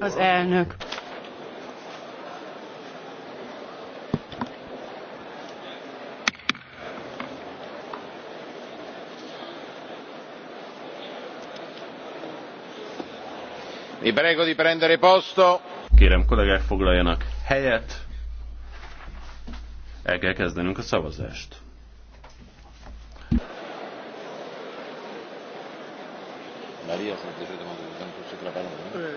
az elnök. Vi prego di prendere posto. Kérem, kollégák foglaljanak helyet. El kell kezdenünk a szavazást. Maria, se te a un tanto sopra palabra.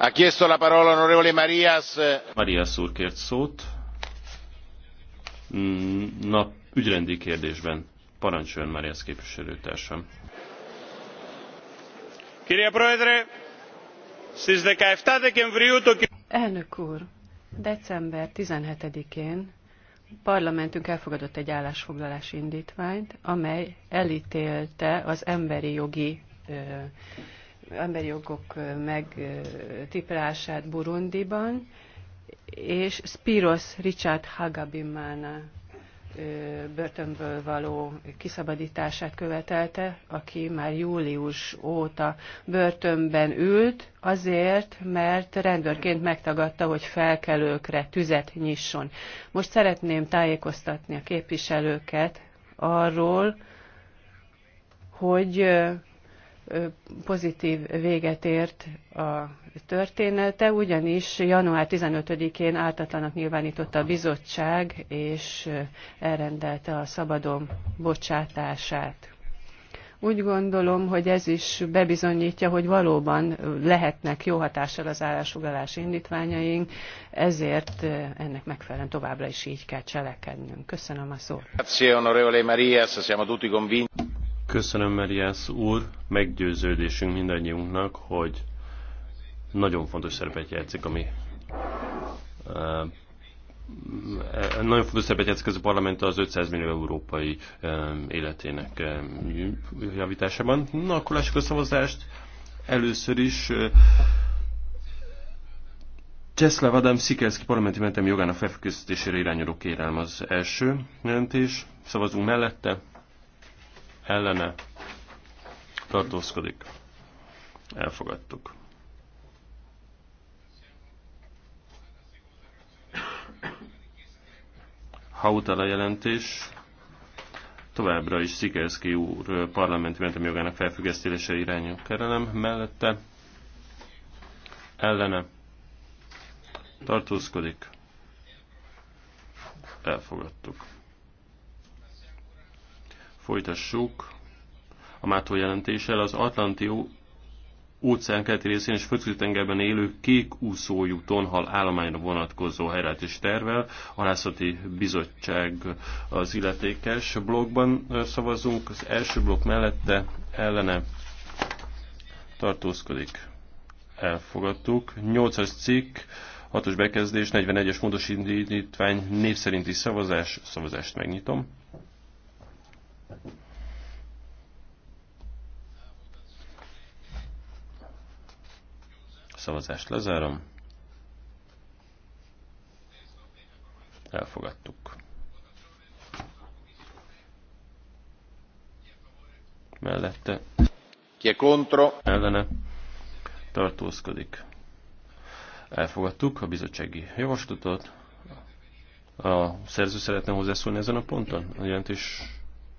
Eh. Marias. úr kért szót. Mm, ügyrendi kérdésben. Parancsoljon Marias képviselőtársam. 17 Elnök úr, december 17-én parlamentünk elfogadott egy állásfoglalási indítványt, amely elítélte az emberi jogi ö, emberi jogok megtiprását Burundiban, és Spiros Richard Hagabimána börtönből való kiszabadítását követelte, aki már július óta börtönben ült, azért, mert rendőrként megtagadta, hogy felkelőkre tüzet nyisson. Most szeretném tájékoztatni a képviselőket arról, hogy pozitív véget ért a története, ugyanis január 15-én ártatlanak nyilvánította a bizottság, és elrendelte a szabadon bocsátását. Úgy gondolom, hogy ez is bebizonyítja, hogy valóban lehetnek jó hatással az állásfoglalás indítványaink, ezért ennek megfelelően továbbra is így kell cselekednünk. Köszönöm a szót. Köszönöm, Meriász úr. Meggyőződésünk mindannyiunknak, hogy nagyon fontos szerepet játszik, ami eh, eh, nagyon fontos szerepet játszik ez a parlament az 500 millió európai eh, életének javításában. Na, akkor lássuk a szavazást. Először is Cseszláv Adam Szikelszki parlamenti mentem jogának felfüggesztésére irányuló kérelm az első jelentés. Szavazunk mellette ellene tartózkodik. Elfogadtuk. Hautala jelentés továbbra is Szikerszki úr parlamenti mentemi jogának felfüggesztése irányú kerelem mellette ellene tartózkodik. Elfogadtuk. Folytassuk a Mátó jelentéssel. Az Atlanti óceán keleti részén és földközi élő kék úszójú tonhal állományra vonatkozó helyreállt és tervel. A Lászati bizottság az illetékes blogban szavazunk. Az első blokk mellette ellene tartózkodik. Elfogadtuk. 8-as cikk, 6-os bekezdés, 41-es módosítvány, név szerinti szavazás. Szavazást megnyitom. Szavazást lezárom. Elfogadtuk. Mellette. Ki è contro? Ellene. Tartózkodik. Elfogadtuk a bizottsági javaslatot. A szerző szeretne hozzászólni ezen a ponton? A jelentés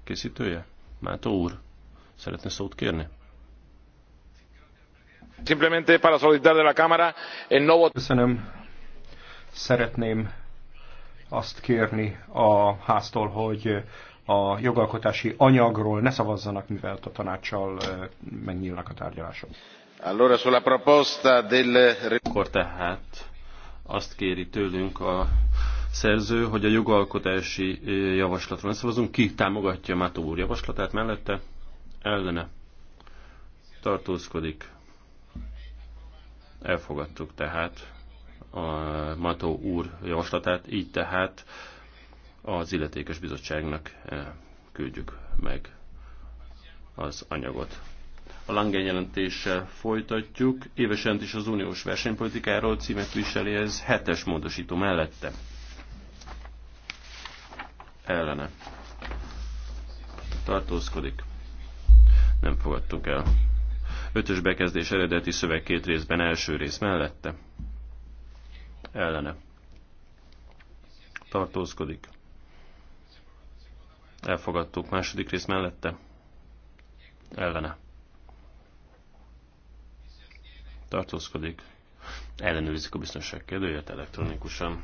készítője? Mátó úr, szeretne szót kérni? Simplemente para solicitar de la Cámara el no Köszönöm. Szeretném azt kérni a háztól, hogy a jogalkotási anyagról ne szavazzanak, mivel a tanácssal megnyílnak a tárgyalások. Allora sulla proposta del... Akkor tehát azt kéri tőlünk a szerző, hogy a jogalkotási javaslatról szavazunk. Ki támogatja Mátó úr javaslatát mellette? Ellene. Tartózkodik. Elfogadtuk tehát a Mató úr javaslatát, így tehát az illetékes bizottságnak küldjük meg az anyagot. A Langen jelentéssel folytatjuk. Éves jelentés az uniós versenypolitikáról címet viseli, ez hetes módosító mellette ellene tartózkodik. Nem fogadtuk el. Ötös bekezdés eredeti szöveg két részben első rész mellette. Ellene. Tartózkodik. Elfogadtuk második rész mellette. Ellene. Tartózkodik. Ellenőrizik a biztonság kérdőjét elektronikusan.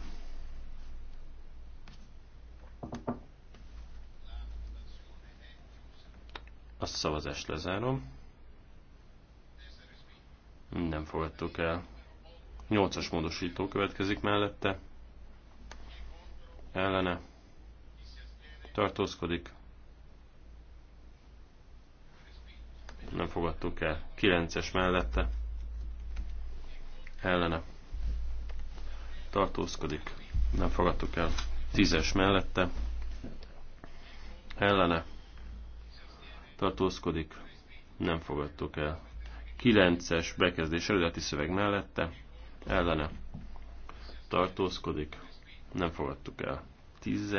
A szavazást lezárom. Nem fogadtuk el. 8-as módosító következik mellette. Ellene. Tartózkodik. Nem fogadtuk el. 9-es mellette. Ellene. Tartózkodik. Nem fogadtuk el. 10-es mellette. Ellene tartózkodik, nem fogadtuk el. 9-es bekezdés eredeti szöveg mellette, ellene tartózkodik, nem fogadtuk el. 10...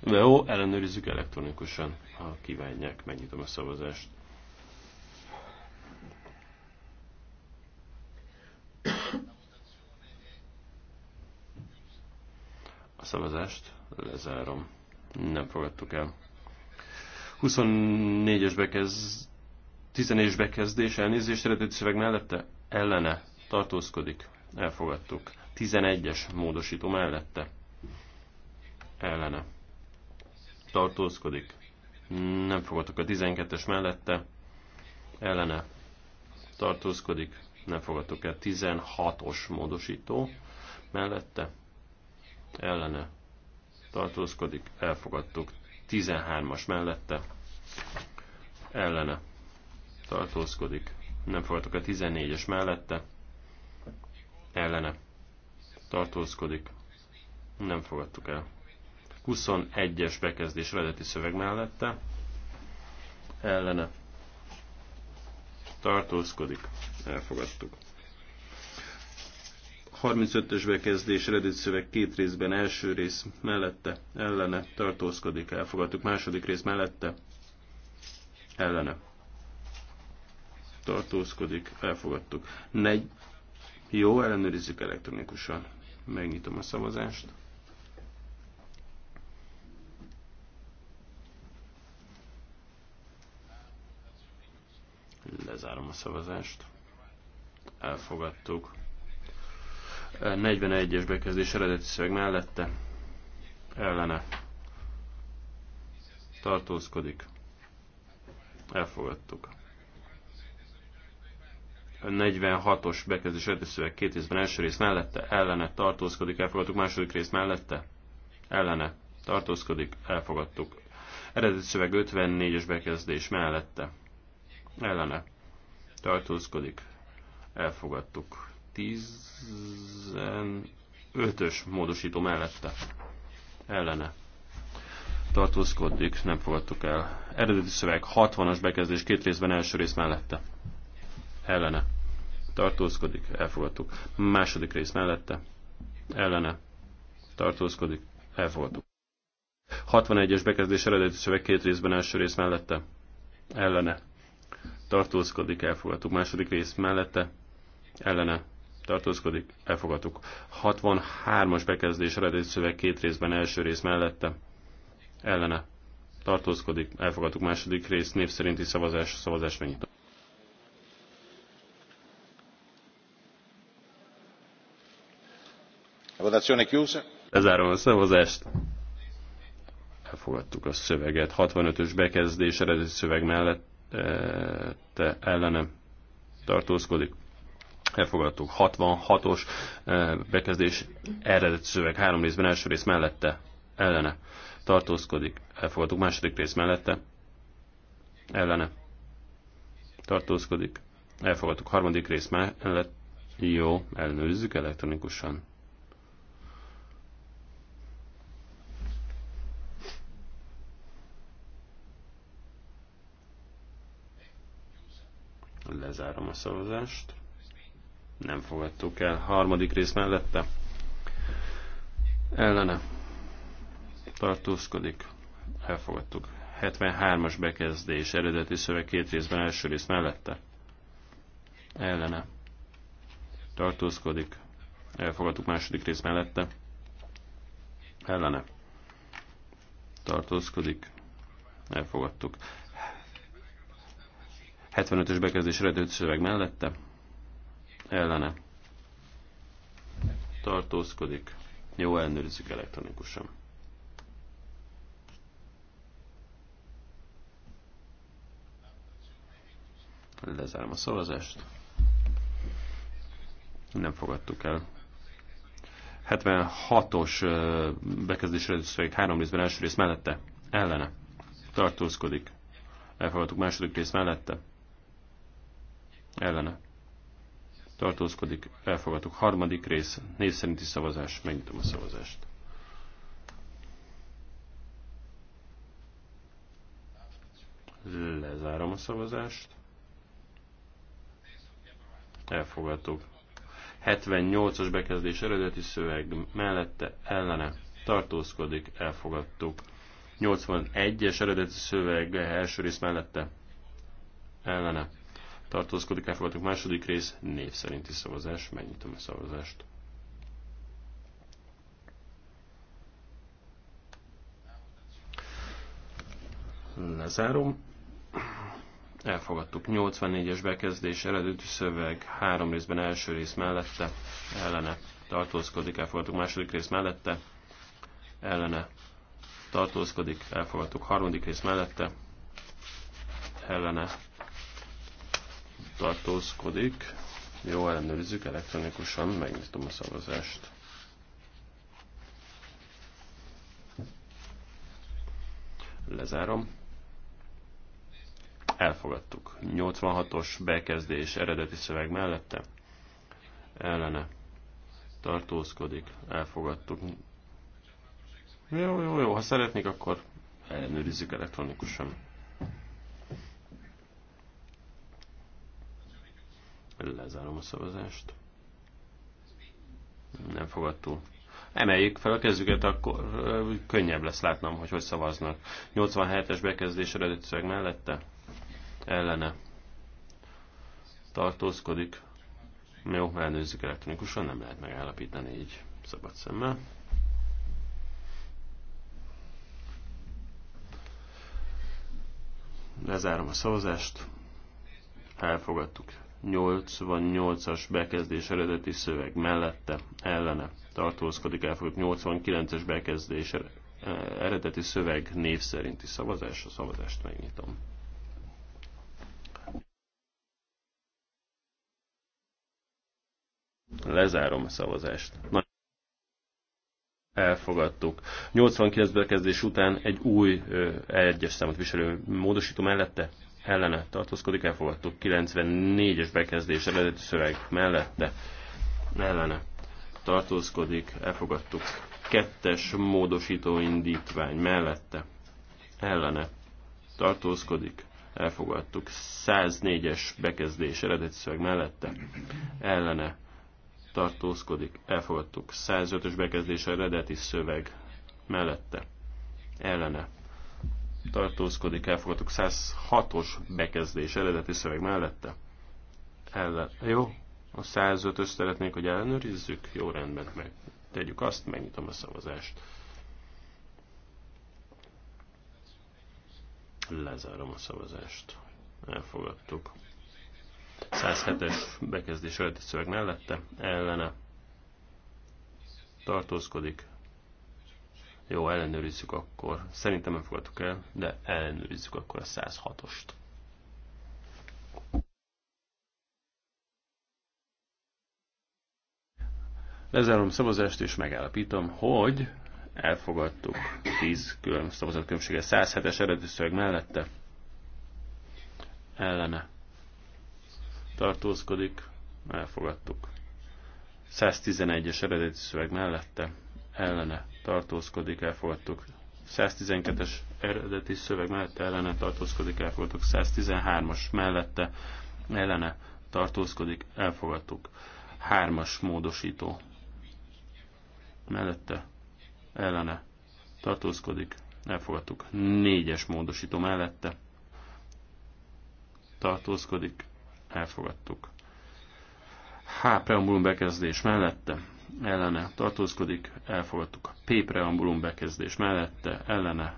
Jó, ellenőrizzük elektronikusan, ha kívánják, megnyitom a szavazást. A szavazást lezárom. Nem fogadtuk el. 24-es bekezd, 14-es bekezdés, elnézést eredeti szöveg mellette, ellene tartózkodik, elfogadtuk. 11-es módosító mellette, ellene tartózkodik, nem fogadtuk a 12-es mellette, ellene tartózkodik, nem fogadtuk el 16-os módosító mellette, ellene tartózkodik, elfogadtuk 13-as mellette ellene tartózkodik. Nem fogadtuk a 14-es mellette ellene tartózkodik. Nem fogadtuk el. 21-es bekezdés eredeti szöveg mellette ellene tartózkodik. Elfogadtuk. 35-ös bekezdés eredeti szöveg két részben, első rész mellette, ellene, tartózkodik, elfogadtuk. Második rész mellette, ellene, tartózkodik, elfogadtuk. Negy... Jó, ellenőrizzük elektronikusan. Megnyitom a szavazást. Lezárom a szavazást. Elfogadtuk. 41-es bekezdés eredeti szöveg mellette ellene tartózkodik. Elfogadtuk. 46-os bekezdés eredeti szöveg két részben első rész mellette ellene tartózkodik. Elfogadtuk második rész mellette ellene tartózkodik. Elfogadtuk. Eredeti szöveg 54-es bekezdés mellette ellene tartózkodik. Elfogadtuk. 15-ös módosító mellette. Ellene. Tartózkodik, nem fogadtuk el. Eredeti szöveg 60-as bekezdés két részben első rész mellette. Ellene. Tartózkodik, elfogadtuk. Második rész mellette. Ellene. Tartózkodik, elfogadtuk. 61-es bekezdés eredeti szöveg két részben első rész mellette. Ellene. Tartózkodik, elfogadtuk. Második rész mellette. Ellene tartózkodik, elfogadtuk. 63-as bekezdés eredeti szöveg két részben első rész mellette, ellene tartózkodik, elfogadtuk második rész, név szerinti szavazás, szavazás megnyitom. Votazione chiusa. Lezárom a szavazást. Elfogadtuk a szöveget. 65-ös bekezdés eredeti szöveg mellett te ellenem tartózkodik elfogadtuk 66-os eh, bekezdés eredet szöveg három részben, első rész mellette, ellene tartózkodik, elfogadtuk második rész mellette, ellene tartózkodik, elfogadtuk harmadik rész mellett, jó, ellenőrizzük elektronikusan. Lezárom a szavazást nem fogadtuk el. Harmadik rész mellette ellene tartózkodik, elfogadtuk. 73-as bekezdés, eredeti szöveg két részben, első rész mellette ellene tartózkodik, elfogadtuk második rész mellette ellene tartózkodik, elfogadtuk. 75-ös bekezdés eredeti szöveg mellette ellene tartózkodik. Jó, ellenőrizzük elektronikusan. Lezárom a szavazást. Nem fogadtuk el. 76-os bekezdésre szöveg három részben első rész mellette. Ellene. Tartózkodik. Elfogadtuk második rész mellette. Ellene tartózkodik, elfogadtuk. Harmadik rész, név szerinti szavazás, megnyitom a szavazást. Lezárom a szavazást. Elfogadtuk. 78-as bekezdés eredeti szöveg mellette ellene tartózkodik, elfogadtuk. 81-es eredeti szöveg első rész mellette ellene tartózkodik, elfogadtuk második rész, név szerinti szavazás, megnyitom a szavazást. Lezárom. Elfogadtuk 84-es bekezdés, eredeti szöveg, három részben első rész mellette, ellene tartózkodik, elfogadtuk második rész mellette, ellene tartózkodik, elfogadtuk harmadik rész mellette, ellene tartózkodik. Jó, ellenőrizzük elektronikusan, megnyitom a szavazást. Lezárom. Elfogadtuk. 86-os bekezdés eredeti szöveg mellette. Ellene. Tartózkodik. Elfogadtuk. Jó, jó, jó. Ha szeretnék, akkor ellenőrizzük elektronikusan. Lezárom a szavazást. Nem fogadtuk. Emeljük fel a kezüket, akkor könnyebb lesz látnom, hogy hogy szavaznak. 87-es bekezdés eredeti szöveg mellette? Ellene. Tartózkodik. Jó, elnőzzük elektronikusan, nem lehet megállapítani így szabad szemmel. Lezárom a szavazást. Elfogadtuk 88-as bekezdés eredeti szöveg mellette, ellene tartózkodik, el, 89-es bekezdés er- eredeti szöveg név szerinti szavazás, a szavazást megnyitom. Lezárom a szavazást. Na, elfogadtuk. 89 bekezdés után egy új egyes számot viselő módosító mellette ellene tartózkodik, elfogadtuk. 94-es bekezdés eredeti szöveg mellette ellene tartózkodik, elfogadtuk. Kettes módosító indítvány mellette ellene tartózkodik, elfogadtuk. 104-es bekezdés eredeti szöveg mellette ellene tartózkodik, elfogadtuk. 105-ös bekezdés eredeti szöveg mellette ellene tartózkodik, elfogadtuk 106-os bekezdés eredeti szöveg mellette. Ellen. Jó, a 105-ös szeretnék, hogy ellenőrizzük. Jó rendben, meg tegyük azt, megnyitom a szavazást. Lezárom a szavazást. Elfogadtuk. 107-es bekezdés eredeti szöveg mellette. Ellene. Tartózkodik, jó, ellenőrizzük akkor. Szerintem nem fogadtuk el, de ellenőrizzük akkor a 106-ost. Lezárom szavazást és megállapítom, hogy elfogadtuk 10 külön szavazat különbsége 107-es eredeti szöveg mellette ellene tartózkodik, elfogadtuk. 111-es eredeti szöveg mellette ellene tartózkodik, elfogadtuk. 112-es eredeti szöveg mellette ellene tartózkodik, elfogadtuk. 113-as mellette ellene tartózkodik, elfogadtuk. 3-as módosító mellette ellene tartózkodik, elfogadtuk. 4-es módosító mellette tartózkodik, elfogadtuk. H. Preambulum bekezdés mellette ellene tartózkodik, elfogadtuk. P preambulum bekezdés mellette, ellene,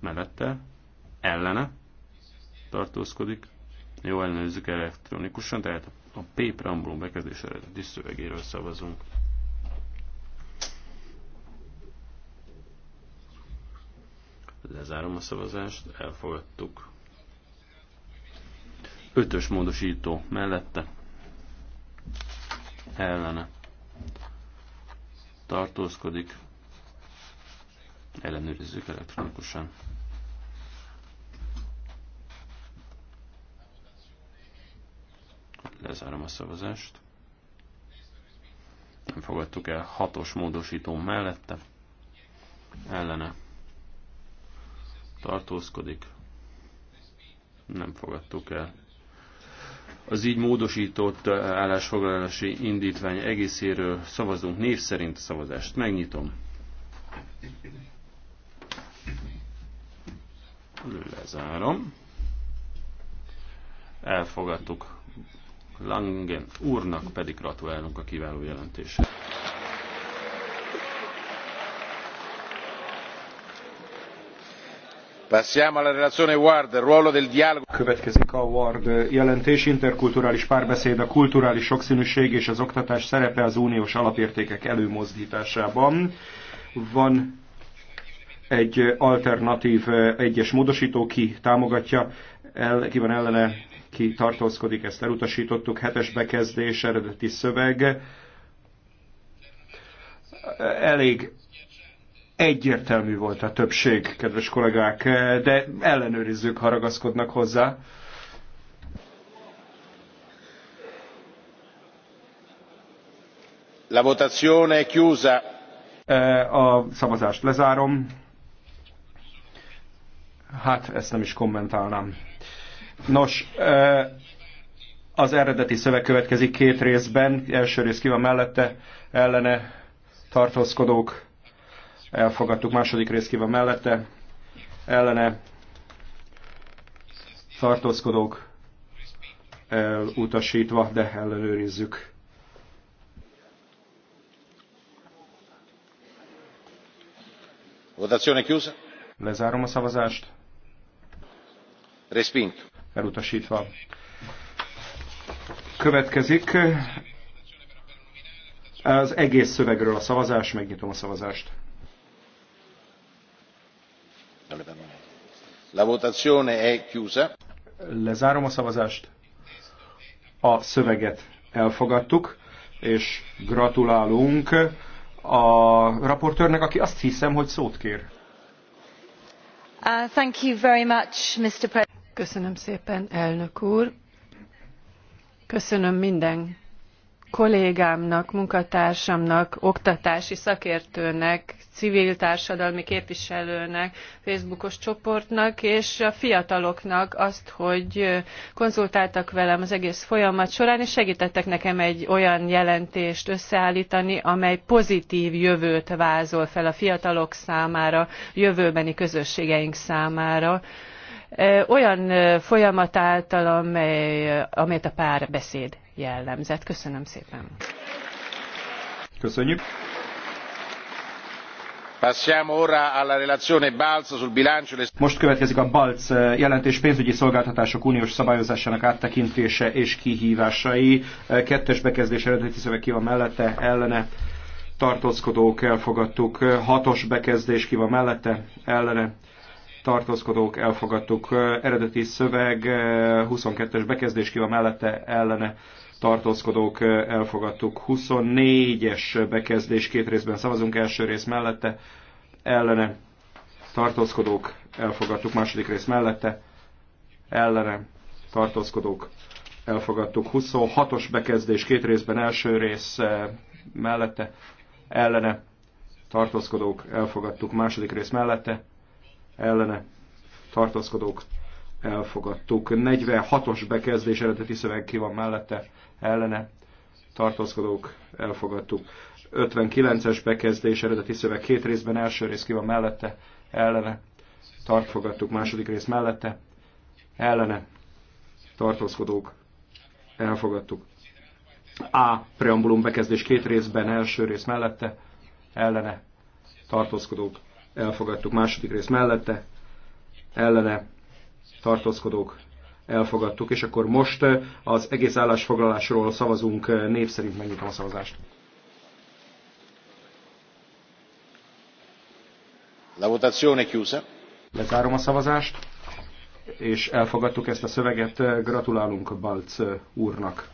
mellette, ellene tartózkodik. Jó, ellenőrizzük elektronikusan, tehát a P preambulum bekezdés eredeti szövegéről szavazunk. Lezárom a szavazást, elfogadtuk. Ötös módosító mellette, ellene tartózkodik, ellenőrizzük elektronikusan. Lezárom a szavazást. Nem fogadtuk el hatos módosító mellette. Ellene tartózkodik. Nem fogadtuk el az így módosított eh, állásfoglalási indítvány egészéről szavazunk név szerint a szavazást. Megnyitom. Lezárom. Elfogadtuk. Langen úrnak pedig gratulálunk a kiváló jelentését. Következik a Ward jelentés, interkulturális párbeszéd, a kulturális sokszínűség és az oktatás szerepe az uniós alapértékek előmozdításában. Van egy alternatív egyes módosító, ki támogatja, el, ki van ellene, ki tartózkodik, ezt elutasítottuk, hetes bekezdés, eredeti szöveg. Elég Egyértelmű volt a többség, kedves kollégák, de ellenőrizzük, ha ragaszkodnak hozzá. La votazione chiusa. E, a szavazást lezárom. Hát, ezt nem is kommentálnám. Nos, e, az eredeti szöveg következik két részben. Első rész ki van mellette, ellene tartózkodók elfogadtuk, második rész ki van mellette, ellene tartózkodók elutasítva, de ellenőrizzük. Votazione chiusa. Lezárom a szavazást. Respinto. Elutasítva. Következik az egész szövegről a szavazás, megnyitom a szavazást. La votazione è chiusa. Lezárom a szavazást. A szöveget elfogadtuk, és gratulálunk a raportőrnek, aki azt hiszem, hogy szót kér. Uh, thank you very much, Mr. Köszönöm szépen, elnök úr. Köszönöm minden kollégámnak, munkatársamnak, oktatási szakértőnek, civil társadalmi képviselőnek, Facebookos csoportnak és a fiataloknak azt, hogy konzultáltak velem az egész folyamat során, és segítettek nekem egy olyan jelentést összeállítani, amely pozitív jövőt vázol fel a fiatalok számára, jövőbeni közösségeink számára olyan folyamat által, amely, amelyet a párbeszéd jellemzett. Köszönöm szépen. Köszönjük. Most következik a BALC eh, jelentés pénzügyi szolgáltatások uniós szabályozásának áttekintése és kihívásai. Eh, kettes bekezdés eredeti szöveg ki van mellette, ellene tartózkodók elfogadtuk. Eh, hatos bekezdés ki van mellette, ellene tartózkodók elfogadtuk. Eredeti szöveg 22-es bekezdés ki van mellette, ellene tartózkodók elfogadtuk. 24-es bekezdés két részben szavazunk, első rész mellette, ellene tartózkodók elfogadtuk, második rész mellette, ellene tartózkodók elfogadtuk. 26-os bekezdés két részben első rész mellette, ellene tartózkodók elfogadtuk, második rész mellette, ellene tartózkodók elfogadtuk. 46-os bekezdés eredeti szöveg ki van mellette, ellene, tartózkodók, elfogadtuk. 59-es bekezdés eredeti szöveg két részben, első rész ki van mellette, ellene, tartfogadtuk, második rész mellette, ellene, tartózkodók, elfogadtuk. A. Preambulum bekezdés két részben, első rész mellette, ellene, tartózkodók, elfogadtuk. Második rész mellette, ellene, tartózkodók elfogadtuk, és akkor most eh, az egész állásfoglalásról szavazunk, eh, név szerint megnyitom a szavazást. La votazione chiusa. Lezárom a szavazást, és elfogadtuk ezt a szöveget. Eh, gratulálunk Balc úrnak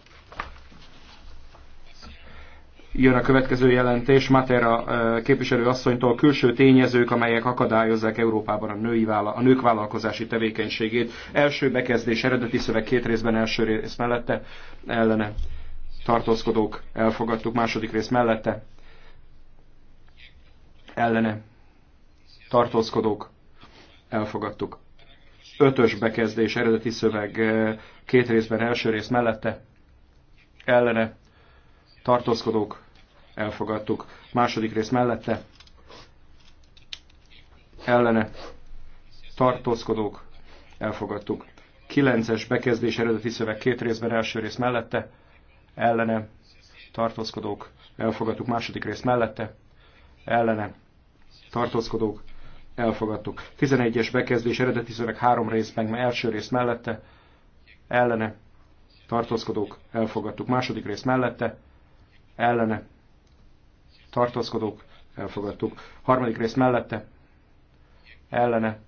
jön a következő jelentés Matera képviselő asszonytól külső tényezők, amelyek akadályozzák Európában a, női vála, a nők vállalkozási tevékenységét. Első bekezdés, eredeti szöveg két részben, első rész mellette, ellene tartózkodók elfogadtuk, második rész mellette, ellene tartózkodók elfogadtuk. Ötös bekezdés, eredeti szöveg két részben, első rész mellette, ellene tartózkodók elfogadtuk. Második rész mellette ellene tartózkodók elfogadtuk. kilences bekezdés eredeti szöveg két részben első rész mellette ellene tartózkodók elfogadtuk. Második rész mellette ellene tartózkodók elfogadtuk. 11-es bekezdés eredeti szöveg három részben első rész mellette ellene tartózkodók elfogadtuk. Második rész mellette ellene tartózkodók, elfogadtuk. Harmadik rész mellette, ellene,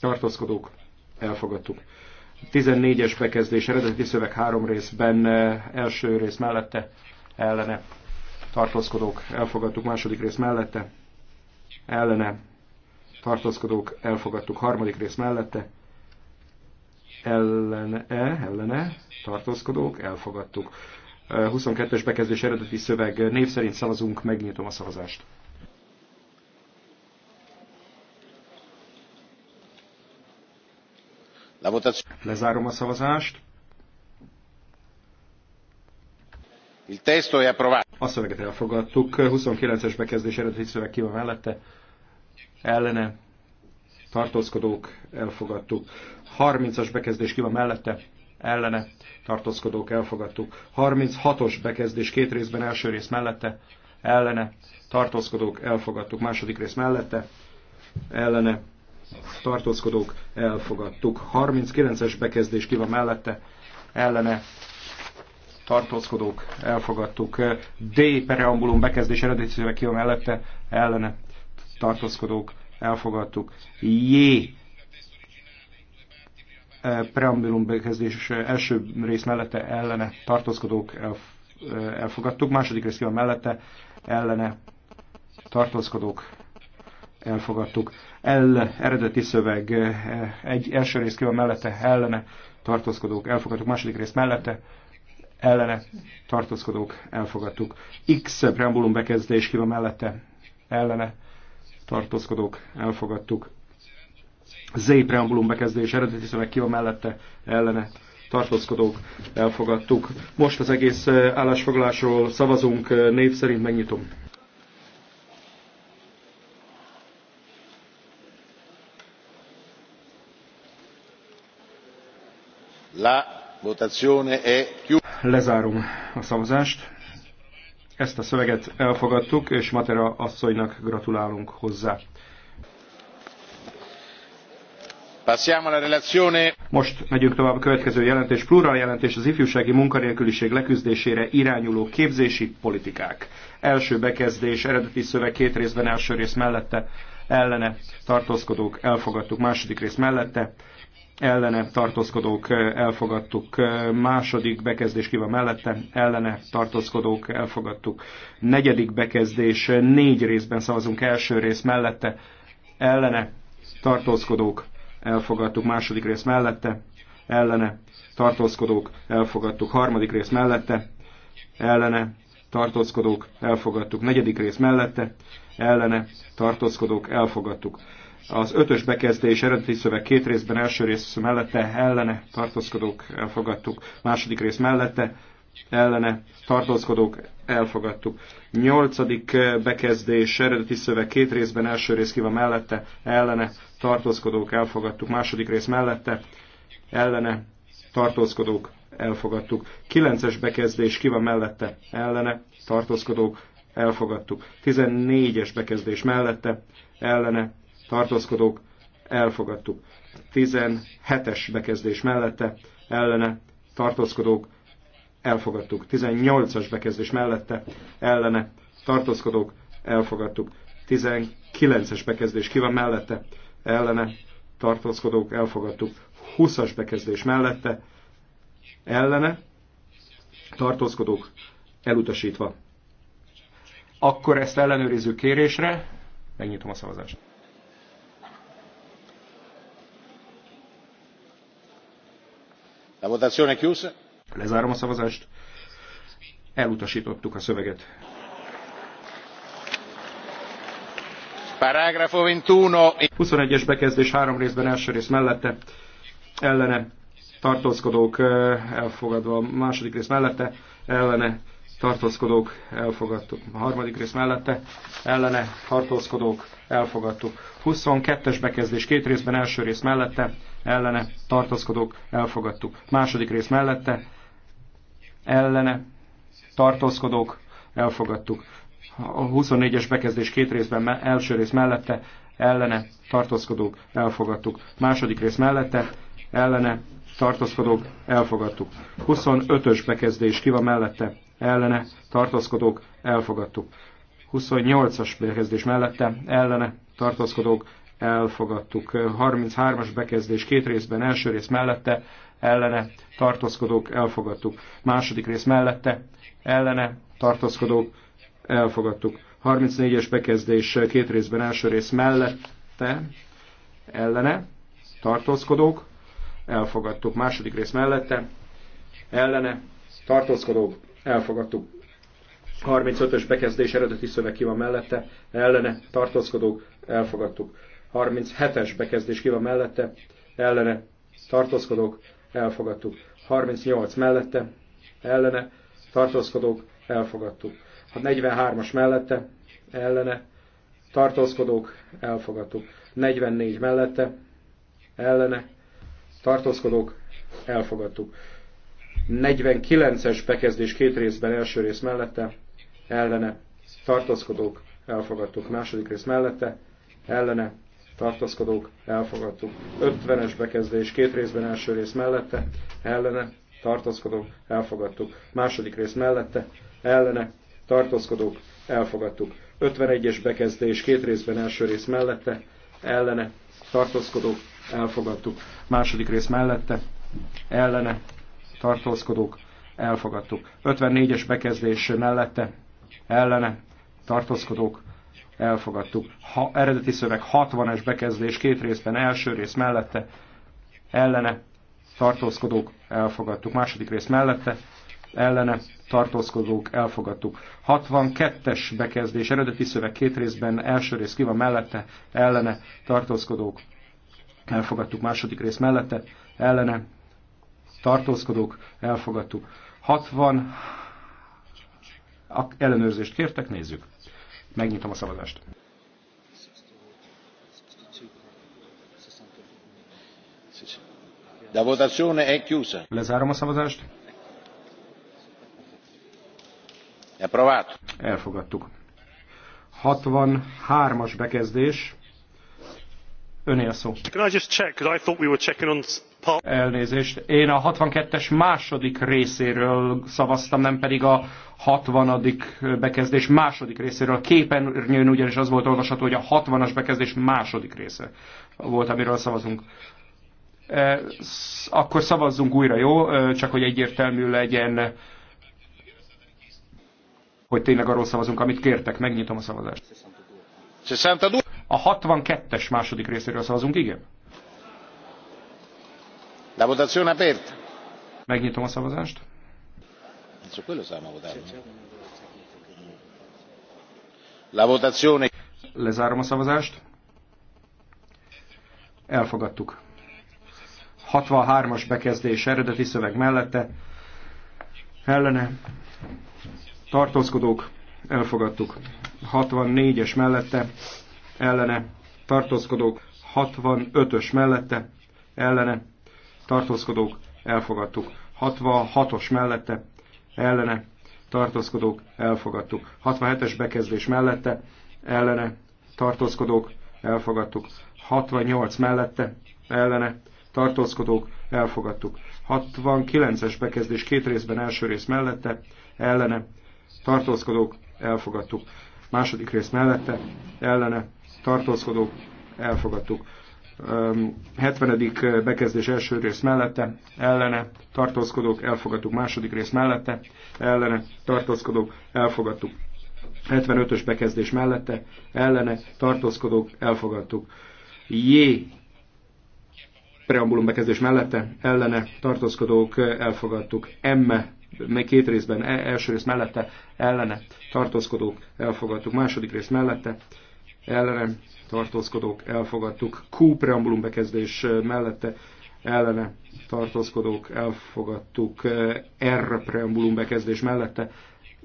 tartózkodók, elfogadtuk. 14-es bekezdés, eredeti szöveg három részben, első rész mellette, ellene, tartózkodók, elfogadtuk. Második rész mellette, ellene, tartózkodók, elfogadtuk. Harmadik rész mellette, ellene, ellene tartózkodók, elfogadtuk. 22-es bekezdés eredeti szöveg név szerint szavazunk, megnyitom a szavazást. Lezárom a szavazást. Il testo è approvato. A szöveget elfogadtuk. 29-es bekezdés eredeti szöveg ki van mellette. Ellene tartózkodók elfogadtuk. 30-as bekezdés ki van mellette ellene tartózkodók elfogadtuk. 36-os bekezdés két részben, első rész mellette, ellene tartózkodók elfogadtuk. Második rész mellette, ellene tartózkodók elfogadtuk. 39-es bekezdés ki van mellette, ellene tartózkodók elfogadtuk. D preambulum bekezdés eredeti szöveg ki van mellette, ellene tartózkodók elfogadtuk. J preambulum bekezdés első rész mellette ellene tartózkodók elfogadtuk, második rész kíván mellette ellene tartózkodók elfogadtuk. El eredeti szöveg egy első rész kíván mellette ellene tartózkodók elfogadtuk, második rész mellette ellene tartózkodók elfogadtuk. X preambulum bekezdés kíván mellette ellene tartózkodók elfogadtuk. Z preambulum bekezdés eredeti szöveg ki van mellette ellene tartózkodók elfogadtuk. Most az egész állásfoglalásról szavazunk, név szerint megnyitom. La votazione è chiusa. Lezárom a szavazást. Ezt a szöveget elfogadtuk, és Matera asszonynak gratulálunk hozzá. Most megyünk tovább a következő jelentés. Plural jelentés az ifjúsági munkanélküliség leküzdésére irányuló képzési politikák. Első bekezdés, eredeti szöveg két részben, első rész mellette, ellene tartózkodók, elfogadtuk. Második rész mellette, ellene tartózkodók, elfogadtuk. Második bekezdés ki van mellette, ellene tartózkodók, elfogadtuk. Negyedik bekezdés, négy részben szavazunk, első rész mellette, ellene tartózkodók, elfogadtuk, második rész mellette, ellene, tartózkodók, elfogadtuk, harmadik rész mellette, ellene, tartózkodók, elfogadtuk, negyedik rész mellette, ellene, tartózkodók, elfogadtuk. Az ötös bekezdés eredeti szöveg két részben, első rész mellette, ellene, tartózkodók, elfogadtuk, második rész mellette, ellene tartózkodók elfogadtuk. Nyolcadik eh, bekezdés, eredeti szöveg két részben, első rész ki van mellette, ellene tartózkodók elfogadtuk, második rész mellette, ellene tartózkodók elfogadtuk. Kilences bekezdés ki van mellette, ellene tartózkodók elfogadtuk. Tizennégyes bekezdés mellette, ellene tartózkodók elfogadtuk. Tizenhetes bekezdés mellette, ellene tartózkodók elfogadtuk. 18-as bekezdés mellette ellene tartózkodók, elfogadtuk. 19-es bekezdés ki van mellette, ellene tartózkodók, elfogadtuk. 20-as bekezdés mellette, ellene tartózkodók, elutasítva. Akkor ezt ellenőrizzük kérésre, megnyitom a szavazást. La votazione è chiusa. Lezárom a szavazást. Elutasítottuk a szöveget. Parágrafo 21. 21-es bekezdés három részben első rész mellette ellene tartózkodók elfogadva, a második rész mellette ellene tartózkodók elfogadtuk, a harmadik rész mellette ellene tartózkodók elfogadtuk. 22-es bekezdés két részben első rész mellette ellene tartózkodók elfogadtuk, második rész mellette ellene tartózkodók, elfogadtuk. A 24-es bekezdés két részben, első rész mellette, ellene tartózkodók, elfogadtuk. Második rész mellette, ellene tartózkodók, elfogadtuk. 25-ös bekezdés ki van mellette, ellene tartózkodók, elfogadtuk. 28-as bekezdés mellette, ellene tartózkodók, elfogadtuk. 33-as bekezdés két részben, első rész mellette, ellene tartózkodók elfogadtuk. Második rész mellette ellene tartózkodók elfogadtuk. 34-es bekezdés két részben első rész mellette ellene tartózkodók elfogadtuk. Második rész mellette ellene tartózkodók elfogadtuk. 35-ös bekezdés eredeti szöveg ki van mellette, ellene tartózkodók elfogadtuk. 37-es bekezdés ki van mellette, ellene tartózkodók elfogadtuk. 38 mellette, ellene, tartózkodók, elfogadtuk. A 43-as mellette, ellene, tartózkodók, elfogadtuk. 44 mellette, ellene, tartózkodók, elfogadtuk. 49-es bekezdés két részben, első rész mellette, ellene, tartózkodók, elfogadtuk. Második rész mellette, ellene, tartózkodók, elfogadtuk. 50-es bekezdés, két részben első rész mellette, ellene, tartózkodók, elfogadtuk. Második rész mellette, ellene, tartózkodók, elfogadtuk. 51-es bekezdés, két részben első rész mellette, ellene, tartózkodók, elfogadtuk. Második rész mellette, ellene, tartózkodók, elfogadtuk. 54-es bekezdés mellette, ellene, tartózkodók, elfogadtuk. Ha, eredeti szöveg 60-es bekezdés két részben, első rész mellette, ellene, tartózkodók, elfogadtuk. Második rész mellette, ellene, tartózkodók, elfogadtuk. 62-es bekezdés, eredeti szöveg két részben, első rész ki van mellette, ellene, tartózkodók, elfogadtuk. Második rész mellette, ellene, tartózkodók, elfogadtuk. 60 ellenőrzést kértek, nézzük. Megnyitom a szavazást. La votazione è chiusa. Lezárom a szavazást. Approvato. Elfogadtuk. 63-as bekezdés. Önél szó. Can I just check? Because I thought we were checking on Elnézést, én a 62-es második részéről szavaztam, nem pedig a 60. bekezdés második részéről. A képernyőn ugyanis az volt olvasható, hogy a 60-as bekezdés második része volt, amiről szavazunk. E, akkor szavazzunk újra, jó? E, csak hogy egyértelmű legyen, hogy tényleg arról szavazunk, amit kértek. Megnyitom a szavazást. A 62-es második részéről szavazunk, igen? La votazione aperta. Megnyitom a szavazást. La votazione. Lezárom a szavazást. Elfogadtuk. 63-as bekezdés eredeti szöveg mellette. Ellene. Tartózkodók. Elfogadtuk. 64-es mellette. Ellene. Tartózkodók. 65-ös mellette. Ellene tartózkodók, elfogadtuk. 66-os mellette, ellene, tartózkodók, elfogadtuk. 67-es bekezdés mellette, ellene, tartózkodók, elfogadtuk. 68 mellette, ellene, tartózkodók, elfogadtuk. 69-es bekezdés két részben első rész mellette, ellene, tartózkodók, elfogadtuk. Második rész mellette, ellene, tartózkodók, elfogadtuk. 70. bekezdés első rész mellette, ellene, tartózkodók, elfogadtuk. Második rész mellette, ellene, tartózkodók, elfogadtuk. 75-ös bekezdés mellette, ellene, tartózkodók, elfogadtuk. J. Preambulum bekezdés mellette, ellene, tartózkodók, elfogadtuk. M két részben, e, első rész mellette, ellene, tartózkodók, elfogadtuk, második rész mellette, ellene tartózkodók elfogadtuk. Q preambulum bekezdés mellette ellene tartózkodók elfogadtuk. R preambulum bekezdés mellette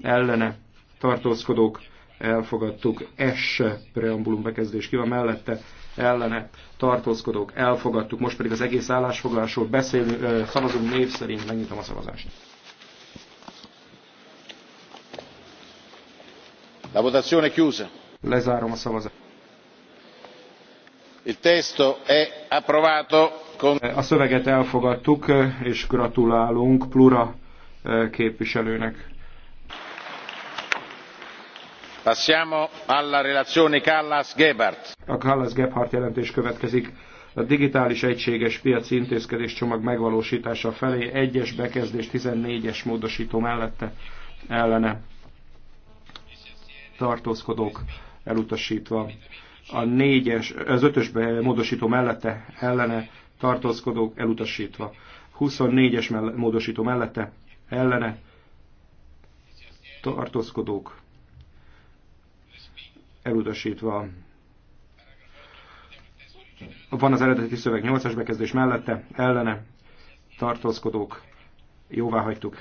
ellene tartózkodók elfogadtuk. S preambulum bekezdés ki van mellette ellene tartózkodók elfogadtuk. Most pedig az egész állásfoglalásról beszélünk, szavazunk név szerint, megnyitom a szavazást. La votazione è chiusa. Lezárom a szavazást. Il testo è approvato con... A szöveget elfogadtuk, és gratulálunk Plura eh, képviselőnek. Passiamo alla relazione Callas-Gebhardt. A Callas-Gebhardt jelentés következik a digitális egységes piaci intézkedés csomag megvalósítása felé egyes bekezdés 14-es módosító mellette ellene tartózkodók elutasítva. A négyes, az ötös módosító mellette ellene tartózkodók elutasítva. 24-es módosító mellette ellene tartózkodók elutasítva. Van az eredeti szöveg 8-as bekezdés mellette, ellene tartózkodók, jóvá hagytuk.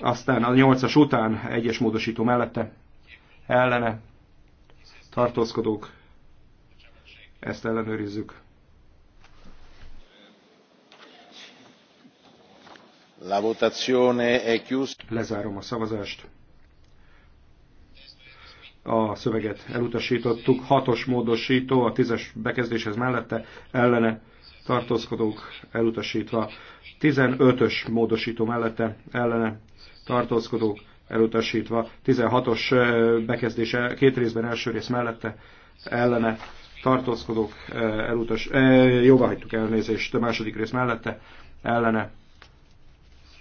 Aztán a 8-as után egyes módosító mellette, ellene tartózkodók, ezt ellenőrizzük. La votazione è chiusa. Lezárom a szavazást. A szöveget elutasítottuk. Hatos módosító a tízes bekezdéshez mellette ellene tartózkodók elutasítva. 15-ös módosító mellette ellene tartózkodók elutasítva. 16-os bekezdése két részben első rész mellette ellene tartózkodók elutas, jóvá hagytuk elnézést a második rész mellette ellene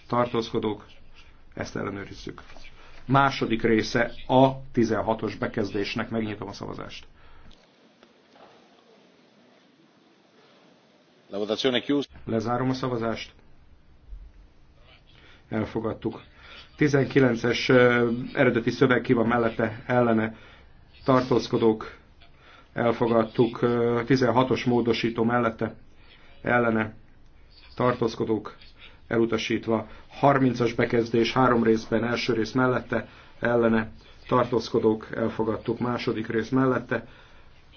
tartózkodók, ezt ellenőrizzük. Második része a 16-os bekezdésnek, megnyitom a szavazást. Lezárom a szavazást. Elfogadtuk. 19-es eredeti szöveg ki van mellette ellene tartózkodók elfogadtuk, 16-os módosító mellette ellene tartózkodók elutasítva, 30-as bekezdés három részben, első rész mellette ellene tartózkodók elfogadtuk, második rész mellette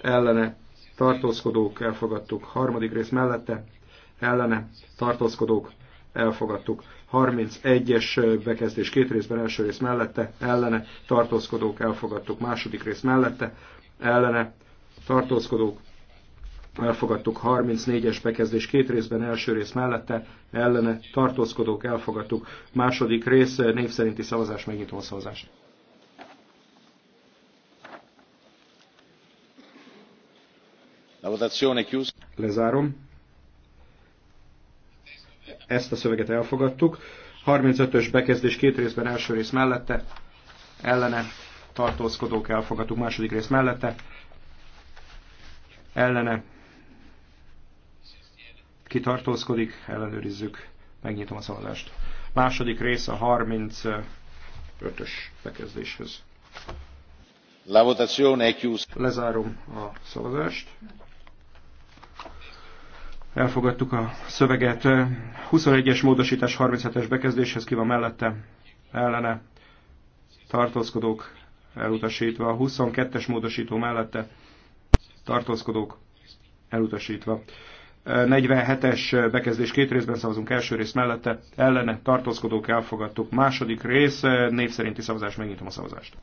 ellene tartózkodók elfogadtuk, harmadik rész mellette ellene tartózkodók elfogadtuk. 31-es bekezdés két részben, első rész mellette, ellene, tartózkodók, elfogadtuk, második rész mellette, ellene, tartózkodók, elfogadtuk 34-es bekezdés két részben, első rész mellette, ellene, tartózkodók, elfogadtuk, második rész, név szerinti szavazás, megnyitom a szavazást. La votazione chiusa. Lezárom ezt a szöveget elfogadtuk. 35-ös bekezdés két részben első rész mellette, ellene tartózkodók elfogadtuk második rész mellette, ellene kitartózkodik, ellenőrizzük, megnyitom a szavazást. Második rész a 35-ös bekezdéshez. La votazione è chiusa. Lezárom a szavazást. Elfogadtuk a szöveget. 21-es módosítás 37-es bekezdéshez ki van mellette, ellene tartózkodók elutasítva. A 22-es módosító mellette tartózkodók elutasítva. 47-es bekezdés két részben szavazunk, első rész mellette, ellene tartózkodók elfogadtuk, második rész név szerinti szavazás, megnyitom a szavazást.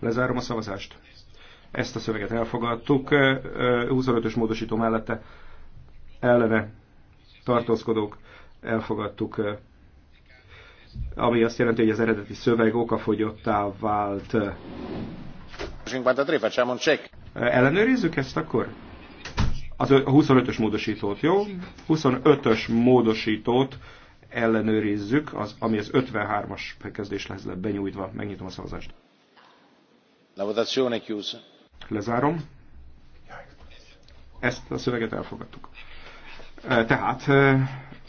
Lezárom a szavazást. Ezt a szöveget elfogadtuk. 25-ös módosító mellette ellene tartózkodók elfogadtuk, ami azt jelenti, hogy az eredeti szöveg okafogyottá vált. 53, facciamo un check. Ellenőrizzük ezt akkor? Az a 25-ös módosítót, jó? 25-ös módosítót ellenőrizzük, az, ami az 53-as kezdéshez lett benyújtva. Megnyitom a szavazást. Lezárom. Ezt a szöveget elfogadtuk. Tehát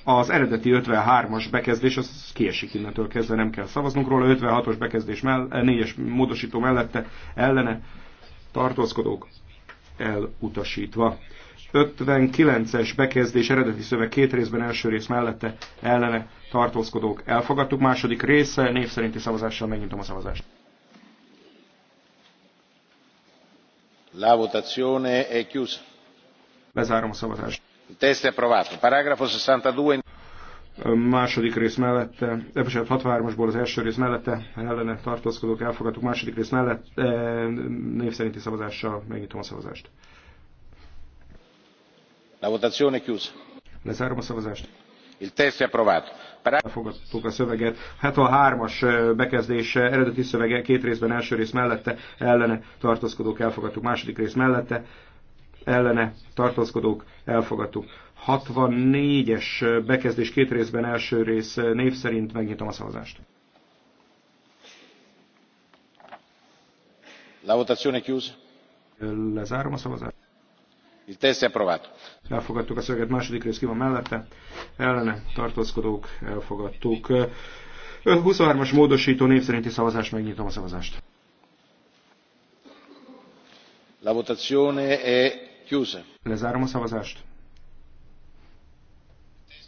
az eredeti 53-as bekezdés az kiesik innentől kezdve, nem kell szavaznunk róla. 56-os bekezdés mell 4-es módosító mellette ellene tartózkodók elutasítva. 59-es bekezdés eredeti szöveg két részben első rész mellette ellene tartózkodók elfogadtuk. Második része név szerinti szavazással megnyitom a szavazást. La votazione è chiusa. Lezárom a szavazást. Il testo è approvato. Paragrafo 62. második rész mellette, episebb 63-asból az első rész mellette, ellene tartózkodók elfogadtuk, második rész mellett eh, név szerinti szavazással megnyitom a szavazást. La votazione è chiusa. Lezárom a szavazást. Il testo è approvato fogadtuk a szöveget. 73-as bekezdés eredeti szövege két részben első rész mellette, ellene tartózkodók elfogadtuk második rész mellette, ellene tartózkodók elfogadtuk. 64-es bekezdés két részben első rész név szerint megnyitom a szavazást. La votazione chiusa. Lezárom a szavazást. Il testo è approvato. Elfogadtuk a szöveget második rész, ki van mellette. Ellene tartózkodók, elfogadtuk. 23-as módosító név szerinti szavazás, megnyitom a szavazást. La votazione è chiusa. Lezárom a szavazást.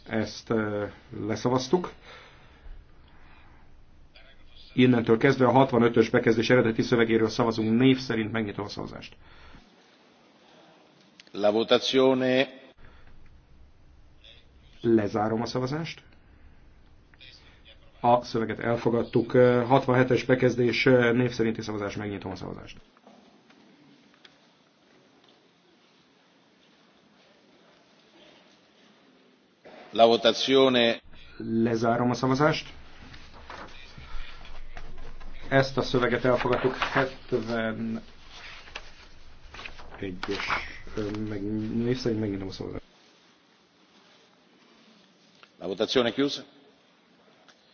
Ezt leszavaztuk. Innentől kezdve a 65-ös bekezdés eredeti szövegéről szavazunk név szerint, megnyitom a szavazást. La votazione. Lezárom a szavazást. A szöveget elfogadtuk. 67-es bekezdés név szerinti szavazás. Megnyitom a szavazást. La votazione. Lezárom a szavazást. Ezt a szöveget elfogadtuk 71-es meg név szerint megnyitom a szavazást. La votazione chiusa.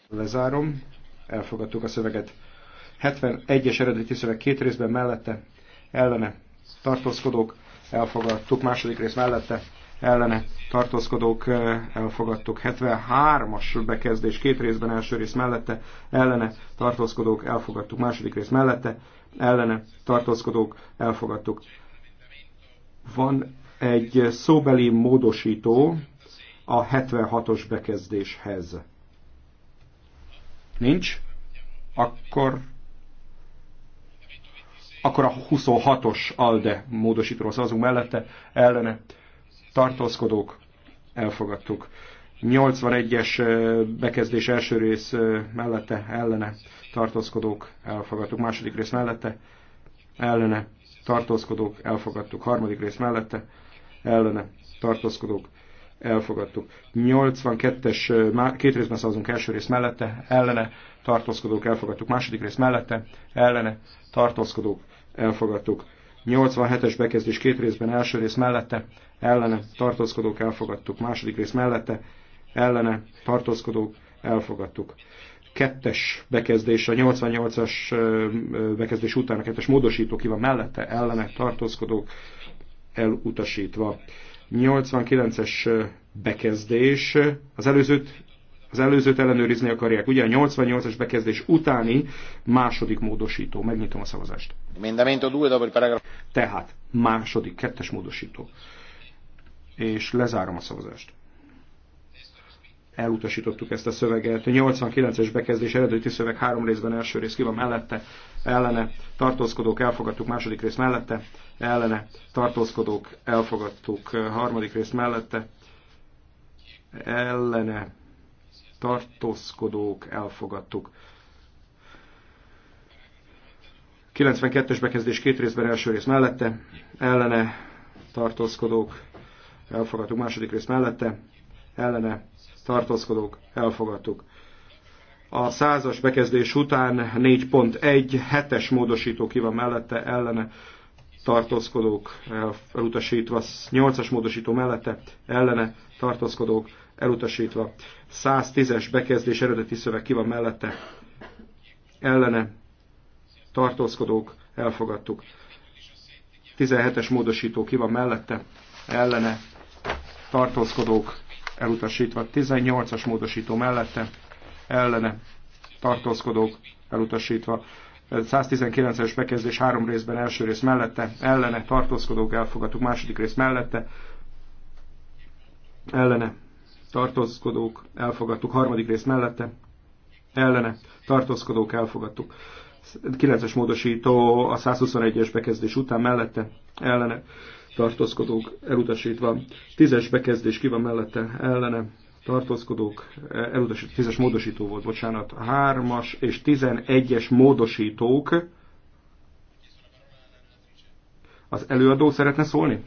Lezárom. Elfogadtuk a szöveget. 71-es eredeti szöveg két részben mellette, ellene, tartózkodók, elfogadtuk, második rész mellette, ellene, tartózkodók, eh, elfogadtuk, 73-as bekezdés két részben, első rész mellette, ellene, tartózkodók, elfogadtuk, második rész mellette, ellene, tartózkodók, elfogadtuk, van egy szóbeli módosító a 76-os bekezdéshez. Nincs? Akkor akkor a 26-os ALDE módosítóról szavazunk mellette, ellene tartózkodók, elfogadtuk. 81-es bekezdés első rész mellette, ellene tartózkodók, elfogadtuk. Második rész mellette, ellene tartózkodók, elfogadtuk. Harmadik rész mellette, ellene, tartózkodók, elfogadtuk. 82-es, két részben szavazunk első rész mellette, ellene, tartózkodók, elfogadtuk. Második rész mellette, ellene, tartózkodók, elfogadtuk. 87-es bekezdés két részben első rész mellette, ellene, tartózkodók, elfogadtuk. Második rész mellette, ellene, tartózkodók, elfogadtuk kettes bekezdés, a 88-as bekezdés után a kettes módosító ki van mellette, ellene tartózkodók elutasítva. 89-es bekezdés, az előzőt, az előzőt ellenőrizni akarják. Ugye a 88-as bekezdés utáni második módosító. Megnyitom a szavazást. Tehát második, kettes módosító. És lezárom a szavazást elutasítottuk ezt a szöveget. 89-es bekezdés eredeti szöveg három részben első rész ki van mellette, ellene, tartózkodók elfogadtuk második rész mellette, ellene, tartózkodók elfogadtuk harmadik rész mellette, ellene, tartózkodók elfogadtuk. 92-es bekezdés két részben első rész mellette, ellene, tartózkodók elfogadtuk második rész mellette, ellene tartózkodók elfogadtuk. A százas bekezdés után 4.1 hetes módosító ki van mellette, ellene tartózkodók elutasítva, 8-as módosító mellette, ellene tartózkodók elutasítva, 110-es bekezdés eredeti szöveg ki van mellette, ellene tartózkodók elfogadtuk. 17-es módosító ki van mellette, ellene tartózkodók elutasítva 18-as módosító mellette, ellene tartózkodók elutasítva 119-es bekezdés három részben első rész mellette, ellene tartózkodók elfogadtuk második rész mellette, ellene tartózkodók elfogadtuk harmadik rész mellette, ellene tartózkodók elfogadtuk. 9-es módosító a 121-es bekezdés után mellette, ellene tartózkodók elutasítva. Tízes bekezdés ki van mellette ellene tartózkodók e, elutasítva. Tízes módosító volt, bocsánat. Hármas és tizenegyes módosítók az előadó szeretne szólni?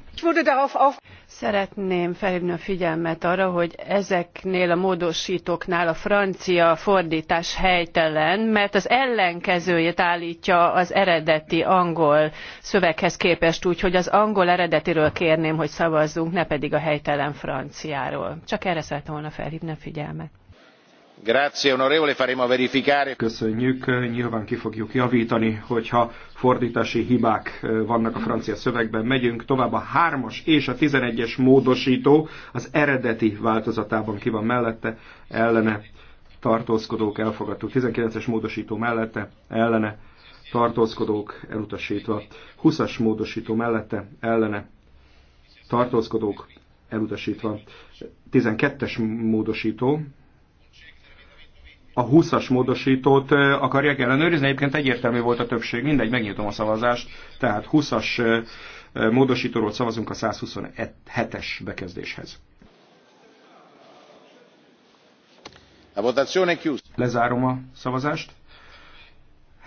Szeretném felhívni a figyelmet arra, hogy ezeknél a módosítóknál a francia fordítás helytelen, mert az ellenkezőjét állítja az eredeti angol szöveghez képest, úgyhogy az angol eredetiről kérném, hogy szavazzunk, ne pedig a helytelen franciáról. Csak erre szeretném volna felhívni a figyelmet. Köszönjük, nyilván ki fogjuk hogy hogyha fordítási hibák eh, vannak a francia szövegben. Megyünk tovább a 3-as és a tizenegyes es módosító az eredeti változatában ki van mellette, ellene tartózkodók elfogadtuk. 19-es módosító mellette, ellene tartózkodók elutasítva. 20-as módosító mellette, ellene tartózkodók elutasítva. 12-es módosító a 20-as módosítót akarják ellenőrizni. Egyébként egyértelmű volt a többség, mindegy, megnyitom a szavazást. Tehát 20-as módosítóról szavazunk a 127-es bekezdéshez. A votazione Lezárom a szavazást.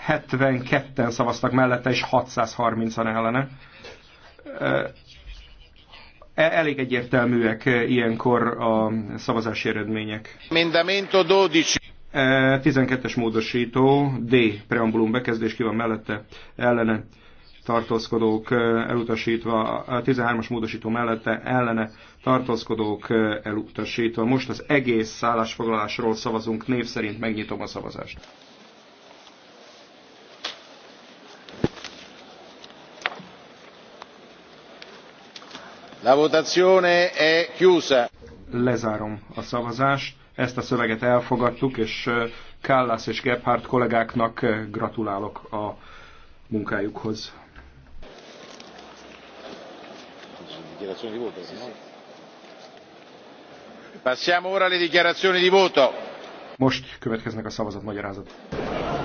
72-en szavaztak mellette, és 630-an ellene. E, elég egyértelműek ilyenkor a szavazási eredmények. Mindamento 12. 12-es e, módosító, D preambulum bekezdés ki van mellette, ellene tartózkodók e, elutasítva, a 13-as módosító mellette ellene tartózkodók e, elutasítva. Most az egész szállásfoglalásról szavazunk, név szerint megnyitom a szavazást. La votazione è chiusa. Lezárom a szavazást. Ezt a szöveget elfogadtuk, és Kállász és Gebhardt kollégáknak gratulálok a munkájukhoz. Passiamo ora alle dichiarazioni di voto. Most következnek a szavazat magyarázat.